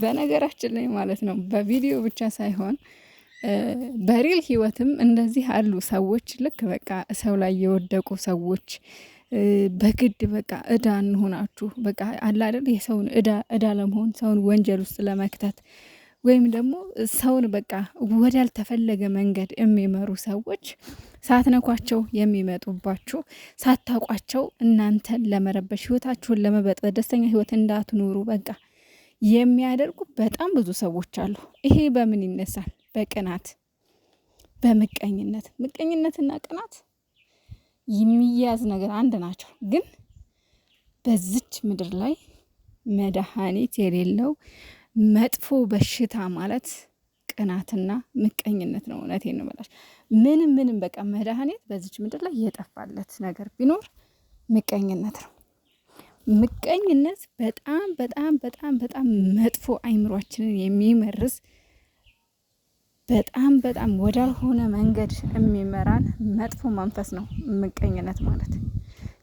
በነገራችን ላይ ማለት ነው በቪዲዮ ብቻ ሳይሆን በሪል ህይወትም እንደዚህ አሉ ሰዎች። ልክ በቃ ሰው ላይ የወደቁ ሰዎች በግድ በቃ እዳ እንሆናችሁ በቃ አለ አይደል የሰውን እዳ ለመሆን ሰውን ወንጀል ውስጥ ለመክተት ወይም ደግሞ ሰውን በቃ ወዳልተፈለገ መንገድ የሚመሩ ሰዎች ሳትነኳቸው የሚመጡባችሁ ሳታውቋቸው እናንተን ለመረበሽ ህይወታችሁን ለመበጠ ደስተኛ ህይወት እንዳትኖሩ በቃ የሚያደርጉ በጣም ብዙ ሰዎች አሉ። ይሄ በምን ይነሳል? በቅናት በምቀኝነት። ምቀኝነትና ቅናት የሚያያዝ ነገር አንድ ናቸው፣ ግን በዚች ምድር ላይ መድኃኒት የሌለው መጥፎ በሽታ ማለት ቅናትና ምቀኝነት ነው። እውነት ነው ምንም ምንም በቃ መድኃኒት በዚች ምድር ላይ የጠፋለት ነገር ቢኖር ምቀኝነት ነው። ምቀኝነት በጣም በጣም በጣም በጣም መጥፎ አይምሯችንን የሚመርስ በጣም በጣም ወዳልሆነ መንገድ የሚመራን መጥፎ መንፈስ ነው ምቀኝነት ማለት።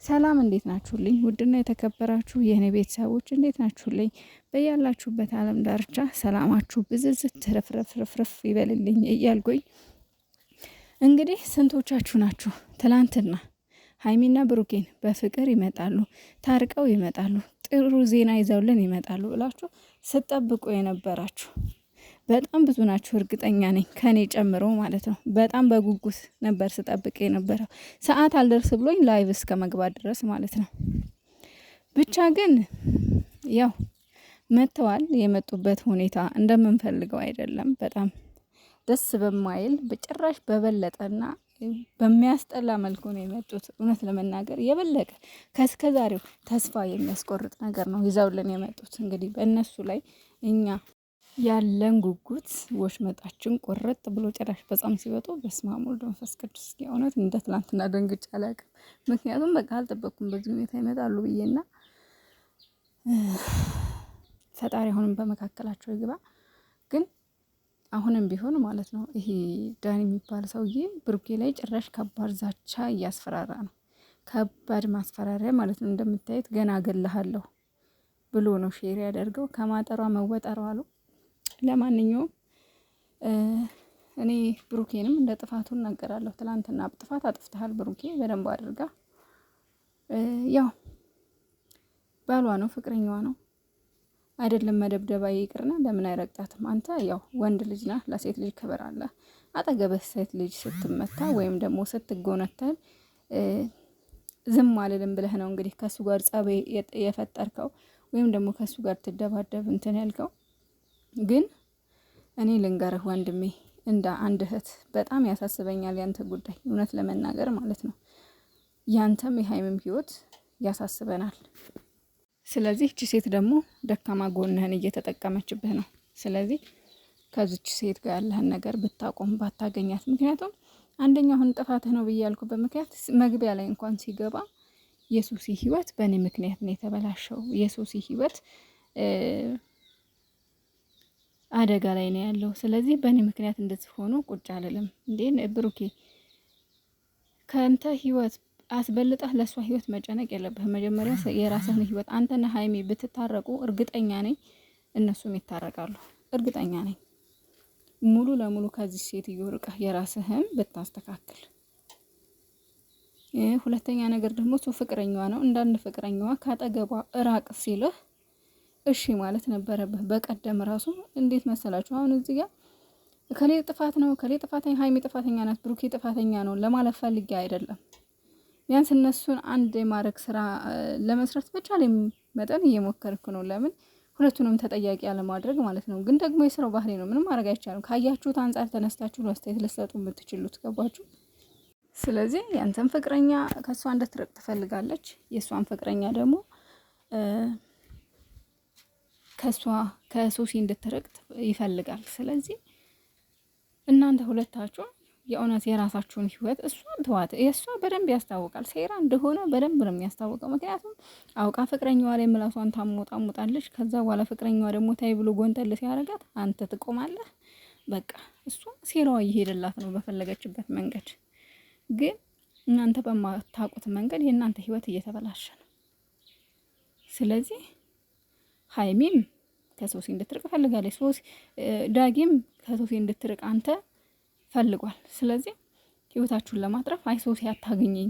ሰላም እንዴት ናችሁልኝ? ውድና የተከበራችሁ የእኔ ቤተሰቦች እንዴት ናችሁልኝ? በያላችሁበት ዓለም ዳርቻ ሰላማችሁ ብዝዝት ትረፍረፍረፍረፍ ይበልልኝ እያልጎኝ እንግዲህ ስንቶቻችሁ ናችሁ ትላንትና ሀይሚና ብሩኬን በፍቅር ይመጣሉ፣ ታርቀው ይመጣሉ፣ ጥሩ ዜና ይዘውልን ይመጣሉ ብላችሁ ስጠብቁ የነበራችሁ በጣም ብዙ ናችሁ። እርግጠኛ ነኝ ከኔ ጨምሮ ማለት ነው። በጣም በጉጉት ነበር ስጠብቅ የነበረው ሰዓት አልደርስ ብሎኝ ላይቭ እስከ መግባት ድረስ ማለት ነው። ብቻ ግን ያው መጥተዋል። የመጡበት ሁኔታ እንደምንፈልገው አይደለም። በጣም ደስ በማይል በጭራሽ በበለጠና በሚያስጠላ መልኩ ነው የመጡት። እውነት ለመናገር የበለቀ ከእስከ ዛሬው ተስፋ የሚያስቆርጥ ነገር ነው ይዘውልን የመጡት። እንግዲህ በእነሱ ላይ እኛ ያለን ጉጉት ወሽመጣችን ቁርጥ ብሎ ጭራሽ በጣም ሲወጡ በስመ አብ ወወልድ ወመንፈስ ቅዱስ። እስኪ እንደ ትላንትና ደንግጬ አላውቅም። ምክንያቱም በቃ አልጠበቅኩም በዚህ ሁኔታ ይመጣሉ ብዬና ፈጣሪ አሁንም በመካከላቸው ይግባ ግን አሁንም ቢሆን ማለት ነው ይሄ ዳኒ የሚባል ሰውዬ ብሩኬ ላይ ጭራሽ ከባድ ዛቻ እያስፈራራ ነው። ከባድ ማስፈራሪያ ማለት ነው። እንደምታየት ገና እገልሃለሁ ብሎ ነው ሼር ያደርገው። ከማጠሯ መወጠሯ አሉ። ለማንኛውም እኔ ብሩኬንም እንደ ጥፋቱ እናገራለሁ። ትላንትና ጥፋት አጥፍተሃል ብሩኬ በደንብ አድርጋ ያው ባሏ ነው ፍቅረኛዋ ነው አይደለም መደብደባ ይቅርና ለምን አይረግጣትም? አንተ ያው ወንድ ልጅ ና ለሴት ልጅ ክብር አለ። አጠገብህ ሴት ልጅ ስትመታ ወይም ደግሞ ስትጎነተል ዝም አልልም ብለህ ነው እንግዲህ ከእሱ ጋር ጸብ የፈጠርከው ወይም ደግሞ ከእሱ ጋር ትደባደብ እንትን ያልከው። ግን እኔ ልንገርህ ወንድሜ እንደ አንድ እህት በጣም ያሳስበኛል ያንተ ጉዳይ፣ እውነት ለመናገር ማለት ነው። ያንተም የሀይምም ህይወት ያሳስበናል። ስለዚህ እቺ ሴት ደግሞ ደካማ ጎንህን እየተጠቀመችብህ ነው። ስለዚህ ከዚች ሴት ጋር ያለህን ነገር ብታቆም ባታገኛት። ምክንያቱም አንደኛ አሁን ጥፋትህ ነው ብዬ ያልኩበት ምክንያት መግቢያ ላይ እንኳን ሲገባ የሱሲ ህይወት በእኔ ምክንያት ነው የተበላሸው፣ የሱሲ ህይወት አደጋ ላይ ነው ያለው። ስለዚህ በእኔ ምክንያት እንድትሆኑ ሆኖ ቁጭ አልልም። እንዴ ብሩኬ ከአንተ ህይወት አስበልጠህ ለእሷ ህይወት መጨነቅ የለብህ። መጀመሪያ የራስህን ህይወት አንተና ሀይሚ ብትታረቁ እርግጠኛ ነኝ እነሱም ይታረቃሉ። እርግጠኛ ነኝ ሙሉ ለሙሉ ከዚህ ሴትዮ ርቀህ የራስህን ብታስተካክል ሁለተኛ ነገር ደግሞ እሱ ፍቅረኛዋ ነው። እንዳንድ ፍቅረኛዋ ካጠገቧ እራቅ ሲልህ እሺ ማለት ነበረብህ። በቀደም ራሱ እንዴት መሰላችሁ? አሁን እዚህ ጋር ከሌ ጥፋት ነው ከሌ ጥፋተኛ ሀይሚ ጥፋተኛ ናት ብሩኬ ጥፋተኛ ነው ለማለት ፈልጌ አይደለም። ቢያንስ እነሱን አንድ የማድረግ ስራ ለመስራት በቻለ መጠን እየሞከርኩ ነው። ለምን ሁለቱንም ተጠያቂ አለማድረግ ማለት ነው። ግን ደግሞ የስራው ባህሪ ነው፣ ምንም ማድረግ አይቻልም። ካያችሁት አንጻር ተነስታችሁ አስተያየት ልትሰጡ የምትችሉት ገባችሁ። ስለዚህ ያንተን ፍቅረኛ ከእሷ እንድትርቅ ትፈልጋለች፣ የእሷን ፍቅረኛ ደግሞ ከእሷ ከሶሲ እንድትርቅ ይፈልጋል። ስለዚህ እናንተ ሁለታችሁም የእውነት የራሳችሁን ህይወት እሷን ተዋት። የእሷ በደንብ ያስታውቃል፣ ሴራ እንደሆነ በደንብ ነው የሚያስታውቀው። ምክንያቱም አውቃ ፍቅረኛዋ ላይ ምላሷን ታሞጣሞጣለች። ከዛ በኋላ ፍቅረኛዋ ደግሞ ታይ ብሎ ጎንተል ሲያደርጋት አንተ ትቆማለህ። በቃ እሷ ሴራዋ እየሄደላት ነው በፈለገችበት መንገድ። ግን እናንተ በማታውቁት መንገድ የእናንተ ህይወት እየተበላሸ ነው። ስለዚህ ሀይሚም ከሶሴ እንድትርቅ ፈልጋለች። ሶስ ዳጊም ከሶሴ እንድትርቅ አንተ ፈልጓል። ስለዚህ ህይወታችሁን ለማጥረፍ አይ ሶሲ አታገኘኝ፣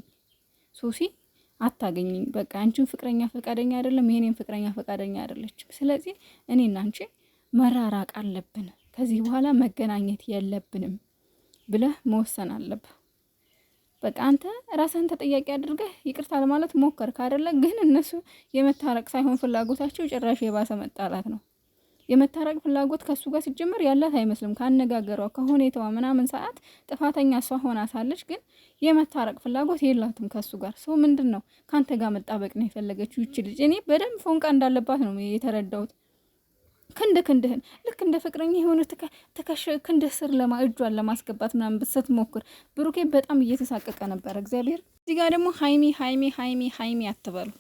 ሶሲ አታገኘኝ፣ በቃ አንቺን ፍቅረኛ ፈቃደኛ አይደለም፣ ይሄኔም ፍቅረኛ ፈቃደኛ አይደለችም። ስለዚህ እኔና አንቺ መራራቅ አለብን፣ ከዚህ በኋላ መገናኘት የለብንም ብለህ መወሰን አለብህ። በቃ አንተ ራስህን ተጠያቂ አድርገህ ይቅርታ ለማለት ሞከርክ አይደለ? ግን እነሱ የመታረቅ ሳይሆን ፍላጎታቸው ጭራሽ የባሰ መጣላት ነው። የመታረቅ ፍላጎት ከሱ ጋር ሲጀምር ያላት አይመስልም። ካነጋገሯ፣ ከሁኔታዋ ምናምን ሰዓት ጥፋተኛ እሷ ሆና ሳለች ግን የመታረቅ ፍላጎት የላትም ከሱ ጋር። ሰው ምንድን ነው ከአንተ ጋር መጣበቅ ነው የፈለገችው ይች ልጅ። እኔ በደንብ ፎንቃ እንዳለባት ነው የተረዳሁት። ክንድ ክንድህን ልክ እንደ ፍቅረኛ የሆነ ትከሽ ክንድ ስር ለማ እጇን ለማስገባት ምናምን ስትሞክር ብሩኬ በጣም እየተሳቀቀ ነበረ። እግዚአብሔር እዚህ ጋር ደግሞ ሀይሚ ሀይሚ ሀይሚ ሀይሚ አትበሉ።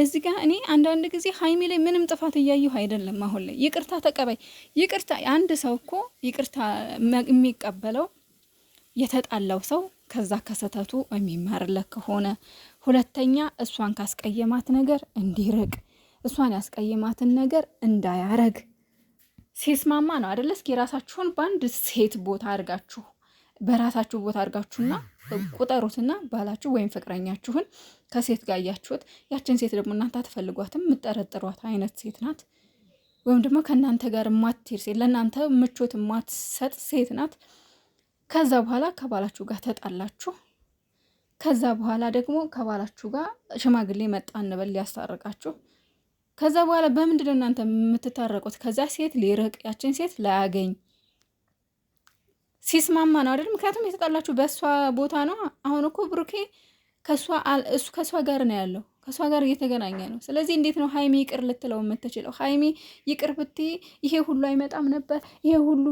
እዚህ ጋር እኔ አንዳንድ ጊዜ ሀይሚ ላይ ምንም ጥፋት እያየሁ አይደለም። አሁን ላይ ይቅርታ ተቀባይ ይቅርታ አንድ ሰው እኮ ይቅርታ የሚቀበለው የተጣላው ሰው ከዛ ከስህተቱ የሚማርለት ከሆነ፣ ሁለተኛ እሷን ካስቀየማት ነገር እንዲርቅ፣ እሷን ያስቀየማትን ነገር እንዳያረግ ሲስማማ ነው አደለ? እስኪ የራሳችሁን በአንድ ሴት ቦታ አድርጋችሁ በራሳችሁ ቦታ አድርጋችሁና ቁጠሩትና ባላችሁ ወይም ፍቅረኛችሁን ከሴት ጋር እያችሁት ያችን ሴት ደግሞ እናንተ አትፈልጓትም፣ የምጠረጥሯት አይነት ሴት ናት። ወይም ደግሞ ከእናንተ ጋር የማትሄድ ሴት፣ ለእናንተ ምቾት ማትሰጥ ሴት ናት። ከዛ በኋላ ከባላችሁ ጋር ተጣላችሁ። ከዛ በኋላ ደግሞ ከባላችሁ ጋር ሽማግሌ መጣ እንበል ሊያስታርቃችሁ። ከዛ በኋላ በምንድን ነው እናንተ የምትታረቁት? ከዛ ሴት ሊርቅ ያችን ሴት ላያገኝ ሲስማማ ነው አይደል? ምክንያቱም የተጣላችሁ በእሷ ቦታ ነው። አሁን እኮ ብሩኬ ከእሷ ጋር ነው ያለው ከእሷ ጋር እየተገናኘ ነው። ስለዚህ እንዴት ነው ሀይሚ ይቅር ልትለው የምትችለው? ሀይሚ ይቅር ብትይ ይሄ ሁሉ አይመጣም ነበር። ይሄ ሁሉ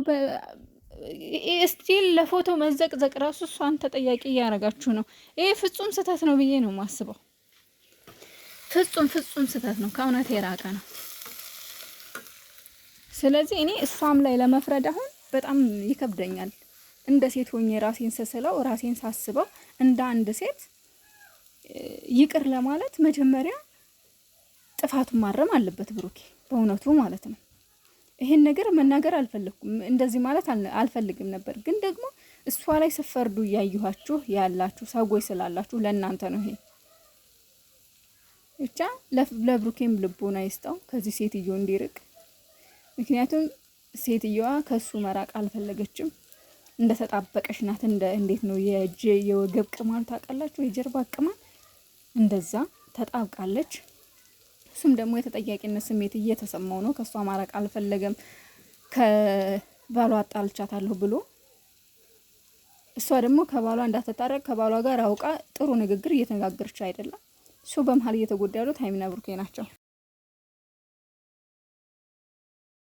ስቲል ለፎቶ መዘቅዘቅ ራሱ እሷን ተጠያቂ እያደረጋችሁ ነው። ይሄ ፍጹም ስህተት ነው ብዬ ነው የማስበው። ፍጹም ፍጹም ስህተት ነው፣ ከእውነት የራቀ ነው። ስለዚህ እኔ እሷም ላይ ለመፍረድ አሁን በጣም ይከብደኛል። እንደ ሴት ሆኜ ራሴን ስስለው ራሴን ሳስበው እንደ አንድ ሴት ይቅር ለማለት መጀመሪያ ጥፋቱን ማረም አለበት ብሩኬ፣ በእውነቱ ማለት ነው። ይሄን ነገር መናገር አልፈለግኩም፣ እንደዚህ ማለት አልፈልግም ነበር፣ ግን ደግሞ እሷ ላይ ስፈርዱ እያየኋችሁ ያላችሁ ሰዎች ስላላችሁ ለእናንተ ነው ይሄ። ብቻ ለብሩኬም ልቦና ይስጠው ከዚህ ሴትዮ እንዲርቅ። ምክንያቱም ሴትዮዋ ከሱ መራቅ አልፈለገችም። እንደተጣበቀሽ ናት። እንደ እንዴት ነው የእጅ የወገብ ቅማል ታውቃላችሁ? የጀርባ ቅማል እንደዛ ተጣብቃለች። እሱም ደግሞ የተጠያቂነት ስሜት እየተሰማው ነው። ከእሷ ማራቅ አልፈለገም። ከባሏ አጣልቻታለሁ ብሎ እሷ ደግሞ ከባሏ እንዳትታረቅ ከባሏ ጋር አውቃ ጥሩ ንግግር እየተነጋገረች አይደለም። እሱ በመሀል እየተጎዳ ያሉት ሀይሚና ብሩኬ ናቸው።